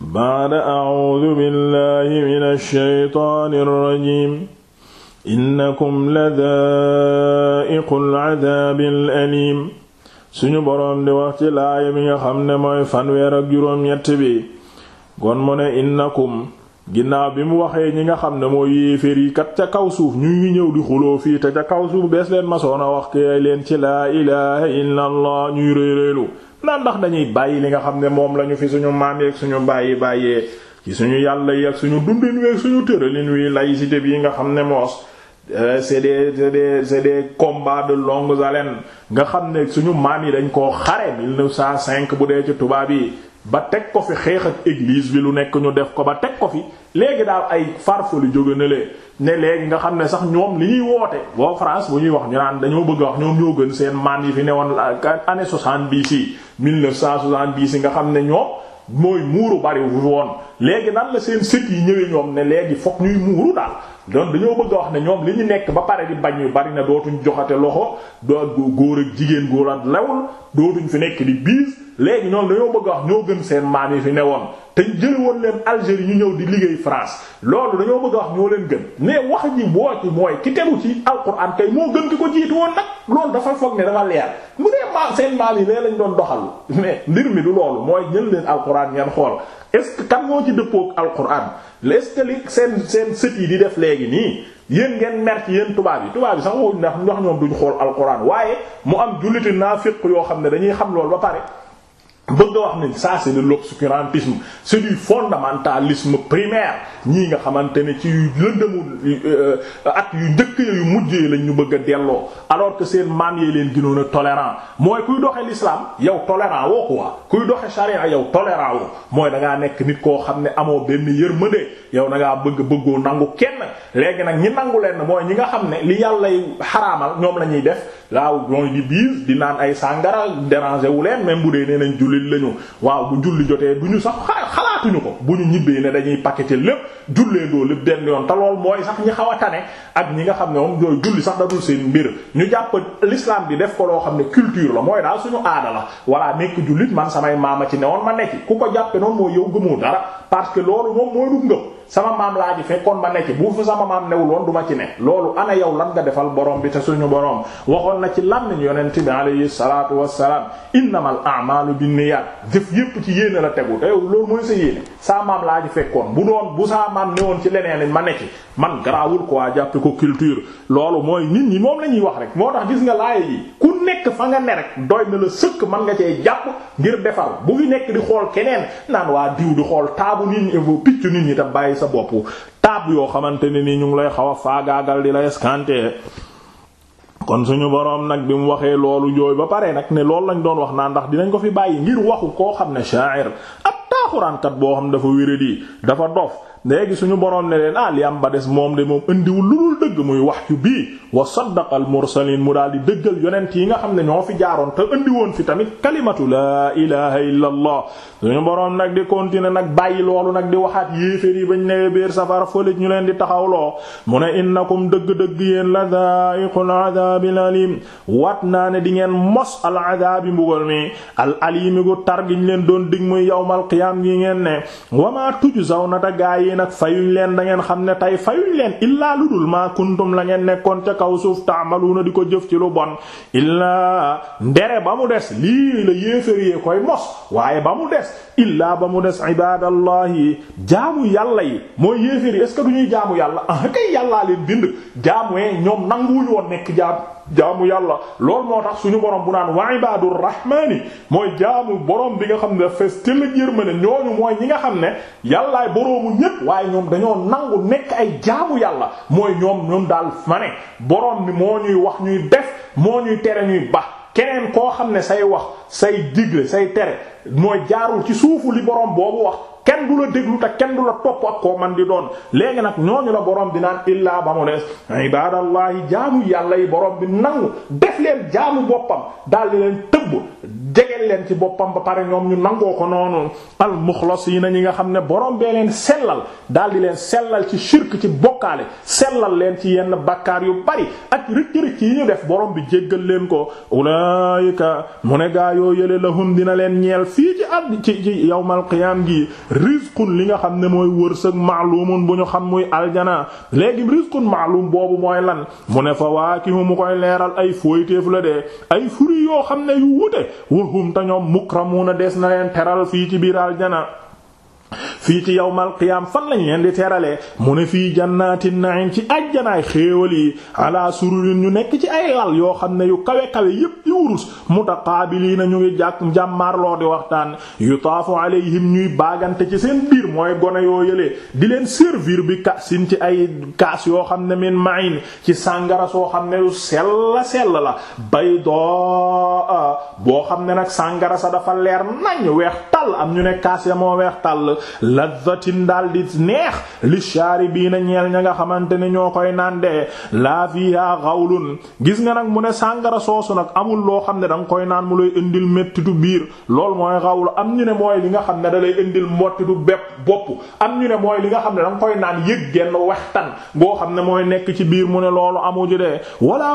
ba'da a'uudu billaahi mina shaytaani rajiim innakum la daa'iqul adaabil aliim suñu boroom di wax ci laaya mi nga xam ne mooy fanweer ak juróom-ñett bi kon mu ne innakum ginnaaw bi mu waxee ñi nga xam ne mooy yéeféer yi kat ca kaw suuf ñu ngi ñëw di xuloo fii te ca kaw suuf bees leen masoon a wax kee leen ci laa ilaaha illa allah ñuy réy naan ndax dañuy bàyyi li nga xam ne moom lañu fi suñu maam yeeg suñu bàyyi bàyyee ci suñu yàlla yeeg suñu dundin weeg suñu tëralin wi laïcité bi nga xam ne moos euh, c'est des c'est des c'est des combats de longue haleine nga xam ne suñu maam yi dañ koo xare cinq bu dee ci tubaab yi ba teg ko fi xeex ak église bi lu nekk ñu def ko ba teg ko fi léegi daal ay farfoli jóge na lee ne léegi nga xam ne sax ñoom li ñuy woote boo France bu ñuy wax ñu naan dañoo bëgg wax ñoom ñoo gën seen maan yi fi newoon année soixante bii si mil neuf cent soixante bii si nga xam ne ñoom mooy muuru bariwul woon léegi nan la seen sët yi ñëwee ñoom ne léegi fokk ñuy muuru daal donc dañoo bëgg a wax ne ñoom li ñu nekk ba pare di bañ yu bari na dootuñ joxate loxo doo góor ak jigéen góor ak lewul dootuñ fi nekk di biis léegi ñoom dañoo bëgg a wax ñoo gën seen maam yi fi ne woon te jële woon leen Algérie ñu ñëw di liggéey France loolu dañoo bëgg a wax ñoo leen gën mais wax ji boo ci mooy ki tegu ci alxuraan kay moo gën ki ko jiitu woon nag loolu dafa foog ne dafa leer mu ne maam seen maam yi lee lañ doon doxal mais mbir mi du loolu mooy jël leen alxuraan xool est-ce que kan moo ci dëppoo ak alquran est-ce li seen seen sët yi di def léegi nii yéen ngeen mer ci yéen tubaab yi tubaab yi sax woo ndax ñoom duñ xool alquran waaye mu am julliti naafiq yoo xam ne dañuy xam lool ba pare. bëgg a wax ni ça c'est de l'obscurantisme c'est du fondamentalisme primaire ñii nga xamante ne ci lëndëmu euh, at yu njëkk yu mujjee lañ ñu bëgg a delloo alors que seen maam yee leen gënoon toleran mooy kuy doxe l'islam yow tolérant woo quoi kuy doxe charia yow tolérant woo mooy da ngaa nekk nit koo xam ne amoo benn yërmande yow da ngaa bëgg bëggoo nangu kenn léegi nag ñi nangu leen mooy ñi nga xam ne li yàllay xaraamal ñoom la ñuy def waaw mooy di biis di naan ay sàngara déranger wu leen même bu dee nee nañ jullit lañu waaw bu julli jotee bu ñu sax xalaatuñu ko bu ñu ñibbee ne dañuy paqueté lépp jullee doo lépp benn yoon te lool mooy sax ñi xaw a tane ak ñi nga xam ne moom jooy julli sax dadul seen mbir ñu jàpp l'islam bi def ko loo xam ne culture la mooy daal suñu aada la voilà nekk jullit man samay maama ci woon ma nekk ku ko jàppe noonu mooy yow gëmoo dara parce que loolu moom sama maam laa ci fekkoon ma ne ci bu fi sama maam newul woon du ma ci ne loolu ana yow lan defal borom bi te suñu borom waxoon na ci lan ñu yonent bi alayhi salaatu wassalaam innamal a'malu binniyaat jëf yépp ci yéene la tegu te yow loolu mooy sa yéene saa maam laa ci fekkoon bu doon bu saa maam woon ci leneen ma ne ci man garaawul waa jàppe ko culture loolu mooy nit ñi moom la ñuy wax rek moo tax gis nga laay yi ku nekk fa nga ne rek doy na sëkk man nga cee jàpp ngir defar bu fi nekk xool keneen waa diw di xool taabu nit ñi picc bàyyi sa bopp taab yoo xamante ne ni ñu ngi lay xaw a faagaagal di la escanté kon suñu boroom nag bi mu waxee loolu jooy ba pare nag ne loolu lañ doon wax naa ndax dinañ ko fi bàyyi ngir waxu koo xam ne sha'ir ab taaxuraankat boo xam dafa wéradi dafa dof léegi suñu boroom ne leen ah li am ba des moom de moom indiwul lu dul dëgg muy wahyu bii wa saddaqal mursalin mu daal di dëggal yonent yi nga xam ne ñoo fi jaaroon te indi woon fi tamit kalimatu laa ilaha illa allah suñu boroom nag di continuer nag bàyyi loolu nag di waxaat yéeféer yi bañ newee biir safara fëlëj ñu leen di taxawloo mu ne innakum dëgg-dëgg yéen la dha'iqul adhabil alim waat naa ne di ngeen mos al adhabi mbugal mi al alimi gu tar giñ leen doon dig muy yawmal qiyam gi ngeen ne nag fayuñ leen da ngeen xam ne tey fayuñ leen illaa lu dul maa kuntum la ngeen nekkoon ca kaw suuf taamaluuna di ko jëf ci lu bon illaa ndere ba mu des lii la yéeféryee koy mos waaye ba mu des illaa ba mu des ibadallahi jaamu yàlla yi mooy yéefér yi est-ce que du ñuy jaamu yàlla ah kay yàllaa leen bind jaamuwee ñoom nanguwuñu nekk jaamu jaamu yàlla loolu moo tax suñu borom bu naan wa ibadur rahmani mooy jaamu borom bi nga xam ne fes te la yërmande ñooñu mooy ñi nga xam ne yàllaay boroomu ñépp waaye ñoom dañoo nangu nekk ay jaamu yàlla mooy ñoom ñoom daal ma boroom borom moo ñuy wax ñuy def moo ñuy tere ñuy ba keneen koo xam ne say wax say digle say tere mooy jaarul ci suufu li borom boobu wax kenn du la déglu te kenn du la topp ak koo man di doon léegi nag ñooñu la boroom bi naan illaa ba mu des ibadallahi jaamu yàlla yi borom bi nangu def leen jaamu boppam daal di leen tëbb jegeel leen ci boppam ba pare ñoom ñu nangoo ko noonu al muxlasiina ñi nga xam ne borom bee leen sellal daal di leen sellal ci shirk ci bokkaale sellal leen ci yenn bakkaar yu bari ak rëcc-rëcc yi ñu def borom bi jéggal leen ko ulaayika mu ne gaa yoo yële lahum dina leen ñeel fii ci ci ci yawmal gi rizqun li nga xam ne mooy wërsëg maalumun bu ñu xam muy aljana léegi rizqun maalum boobu mooy lan mu ne fawaakihu mu koy leeral ay fooyteef la de ay furi yoo xam ne yu wute wahum ta ñoom na des na leen teral fii ci biir aljana fii ci yawmal qiyaam fan lañ leen di teralee mu ne fii jannaatin na'im ci ajjanaay xéewal yi ala sururin ñu nekk ci ay lal yoo xam ne yu kawe kawe yépp yu wurus mutaqaabiliina ñu ngi jàkk njàmmaarloo di waxtaan yutaafu alayhim ñuy baagante ci seen biir mooy gone yoo yëlee di leen servir bi kasin ci ay kas yoo xam ne min ma'in ci sàngara soo xam ne yu sell sell la baydaa boo xam ne nag sàngara sa dafa leer nañ weex tàll am ñu ne kaas ya moo weex tàll lazzatin daal di neex li bii na ñeel ña nga xamante ne ñoo koy naan de laa fiha xawlun gis nga nag mu ne sàngara soosu nag amul loo xam ne danga koy naan mu lay indil méttitu biir lool mooy xawlu am ñu ne mooy li nga xam ne da lay indil mottitu bépp bopp am ñu ne mooy li nga xam ne da koy naan yëg genn wextan boo xam ne mooy nekk ci biir mu ne loolu amuju de wala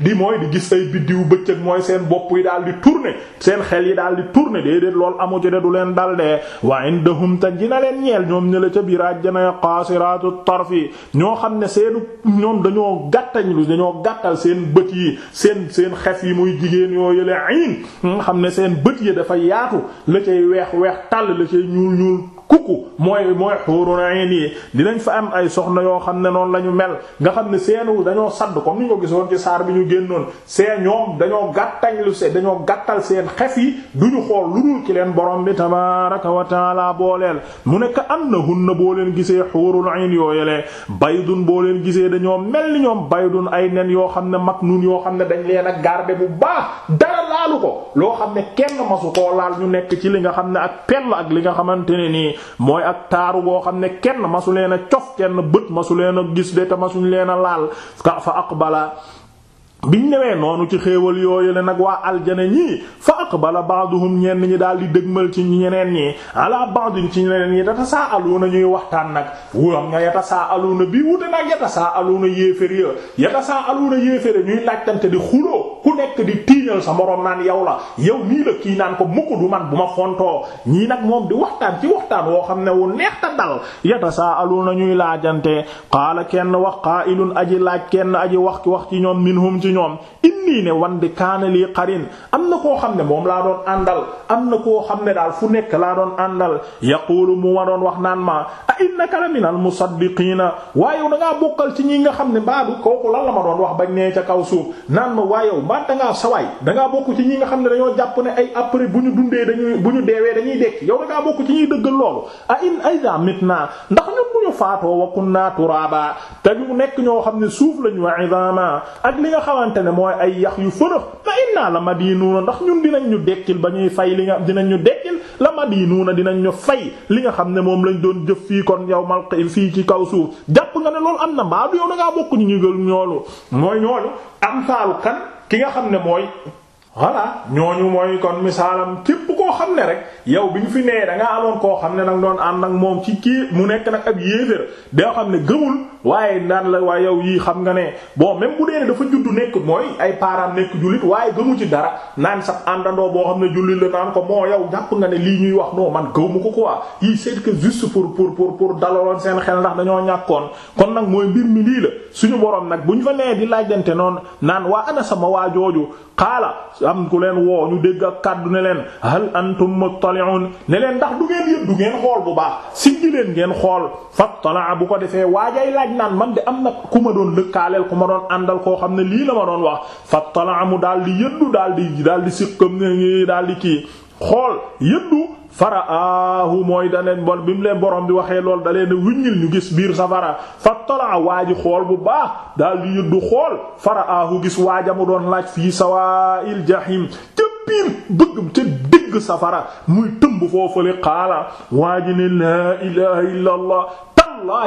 di mooy di gis ay biddiw bëccëg mooy seen bopp yi daal di tourner seen xel yi daal di tourner déedéet lool amu ci de du leen dal waaye wa indahum ta dina leen ñeel ñoom ñëla ca biir àjjana qaasiraatu tarfi ñoo xam ne seenu ñoom dañoo gàttañ lu dañoo gàttal seen bët yi seen seen xef yi muy jigéen yoo yële ayn nga xam ne seen bët yi dafa yaatu la cay weex weex tàll la cay ñuul ñuul kukku mooy mooy xuurun ayn yi dinañ fa am ay soxna yoo xam ne noonu la ñu mel nga xam ne seenu dañoo sadd comme ni ko gisoon ci saar bi ñu génnoon seen ñoom dañoo gàttañ se dañoo gàttal seen xef yi duñu xool lu dul ci leen borom bi tabaaraka wa taala booleel mu ne ka annahunna boo leen gisee xuurun ayn yooyelee baydun boo leen gisee dañoo mel ni ñoom baydun ay nen yoo xam ne mag maknun yoo xam ne dañ leen a garder bu baax dara dara laalu ko loo xam ne kenn masu koo laal ñu nekk ci li nga xam ne ak pell ak li nga xamante ne nii mooy ak taaru boo xam ne kenn masu leen a cof kenn bët masu leen a gis de te masuñ leen a laal ka fa aqbala biñ ñëwee noonu ci xéewal yooyu le nag waa aljana ñii fa aqbala ba'duhum ñenn ñi daal di dëgmal ci ñeneen ñi ala ba'din ci ñeneen ñi yatasaaluna ñuy waxtaan nag wam nga yatasaaluna di xuloo ku nekk di giñal sa moroom naan yow la yow nii la kii naan ko mukk du man bu ma fontoo ñii nag moom di waxtaan ci waxtaan woo xam ne wu neex ta dal na ñuy laajante qaala kenn wax qaa'ilun aji laaj kenn aji wax wax ci ñoom minhum ci ñoom innii ne wan di kaana lii qarin am na koo xam ne moom laa doon àndal am na koo xam ne daal fu nekk laa doon àndal yaqulu mu ma doon wax naan ma a innaka la minal musaddiqiina waaye da ngaa bokkal ci ñi nga xam ne baadu kooku lan la ma wax bañ ca kaw suuf dangaa bokku ci ñi nga xam ne dañoo jàpp ne ay après bu ñu dundee dañuy bu ñu deewee dañuy dekk yow dangaa bokk ci ñuy dëggal loolu a in ayda ndax ñun bu ñu faatoo wa kunna nekk ñoo xam ne suuf lañu wa idama ak li nga xamante ne ay yax yu fënax fa inna la madinuna ndax ñun dinañ ñu dekkil ba ñuy fay li nga dinañ ñu dekkil la madinuna dinañ ñu fay li nga xam ne moom lañ doon jëf fii kon yow mal fii ci kaw suuf jàpp nga ne loolu am na mbaa du yow dangaa bokk ñu ñu gël ñoolu mooy ñoolu am saalu kan ki nga xam ne mooy voilà ñooñu mooy kon misaalam képp koo xam ne rek yow bi ñu fi nee da amoon koo xam ne nag doon ànd ak moom ci kii mu nekk nag ab yéeféer doo xam ne gëmul waaye daan la waaye yow yii xam nga ne bon même dee dafa juddu nekk mooy ay parents nekk jullit waaye gëmu ci dara naan sax àndandoo boo xam ne jullit la naan ko moo yow jàpp nga ne lii ñuy wax non man gëmu ko quoi yii c'est que pour pour pour pour dalaloon seen xel ndax dañoo ñàkkoon kon nag mooy mbir mi lii la suñu borom nag bu ñu fa nee di laajante noonu naan waa ana sama waa jooju qaala am ku leen woo ñu dégg ak kàddu ne leen hal antum muttali'un ne leen ndax du ngeen yëpp ngeen xool bu baax siggi leen ngeen xool fattala bu ko defee waajay laaj naan man de am na ku ma doon lëkkaaleel ku ma doon àndal koo xam ne lii la ma doon wax fattala mu daal di yëddu daal di daal di sikkam ngi daal di kii xool yëddu faraahu mooy da leen bi mu leen borom bi waxee lool da leen wuññil ñu gis biir safara fa tola waa ji xool bu baax daal di yëddu xool faraahu gis waaja mu doon laaj fii sawaa'il jahim ca biir bëgg ca digg safara muy tëmb foofale xaala waa ji ne laa ilaha illa allah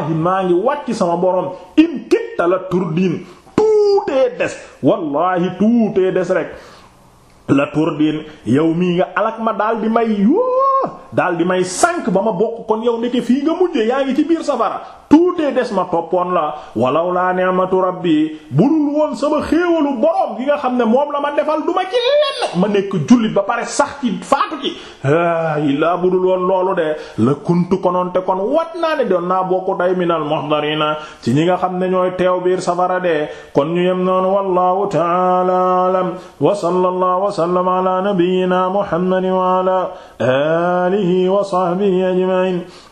maa ngi wàcc sama borom in kitta la turdin tuutee des wallahi tuutee des rek la turdin yow mii nga alak ma daal di may yoo daal di may sànq ba ma bokk kon yow ndeke fii nga mujje yaa ngi ci biir safara tuutee des ma toppoon la walaw laa ni'matu rabbi bu dul woon sama xéewalu borom gi nga xam ne moom la ma defal du ma ci lenn ma nekk jullit ba pare sax ci faatu ci a ah, illaa bu dul woon loolu de la kuntu konoon te kon wat naa ne doon naa bokku day minal muhdarina ci ñi nga xam ne ñooy teew biir safara de kon ñu yem noonu wallahu ta'ala alam wa sallallahu wa sallama ala nabiyyina wa ala alihi wa sahbihi ajma'in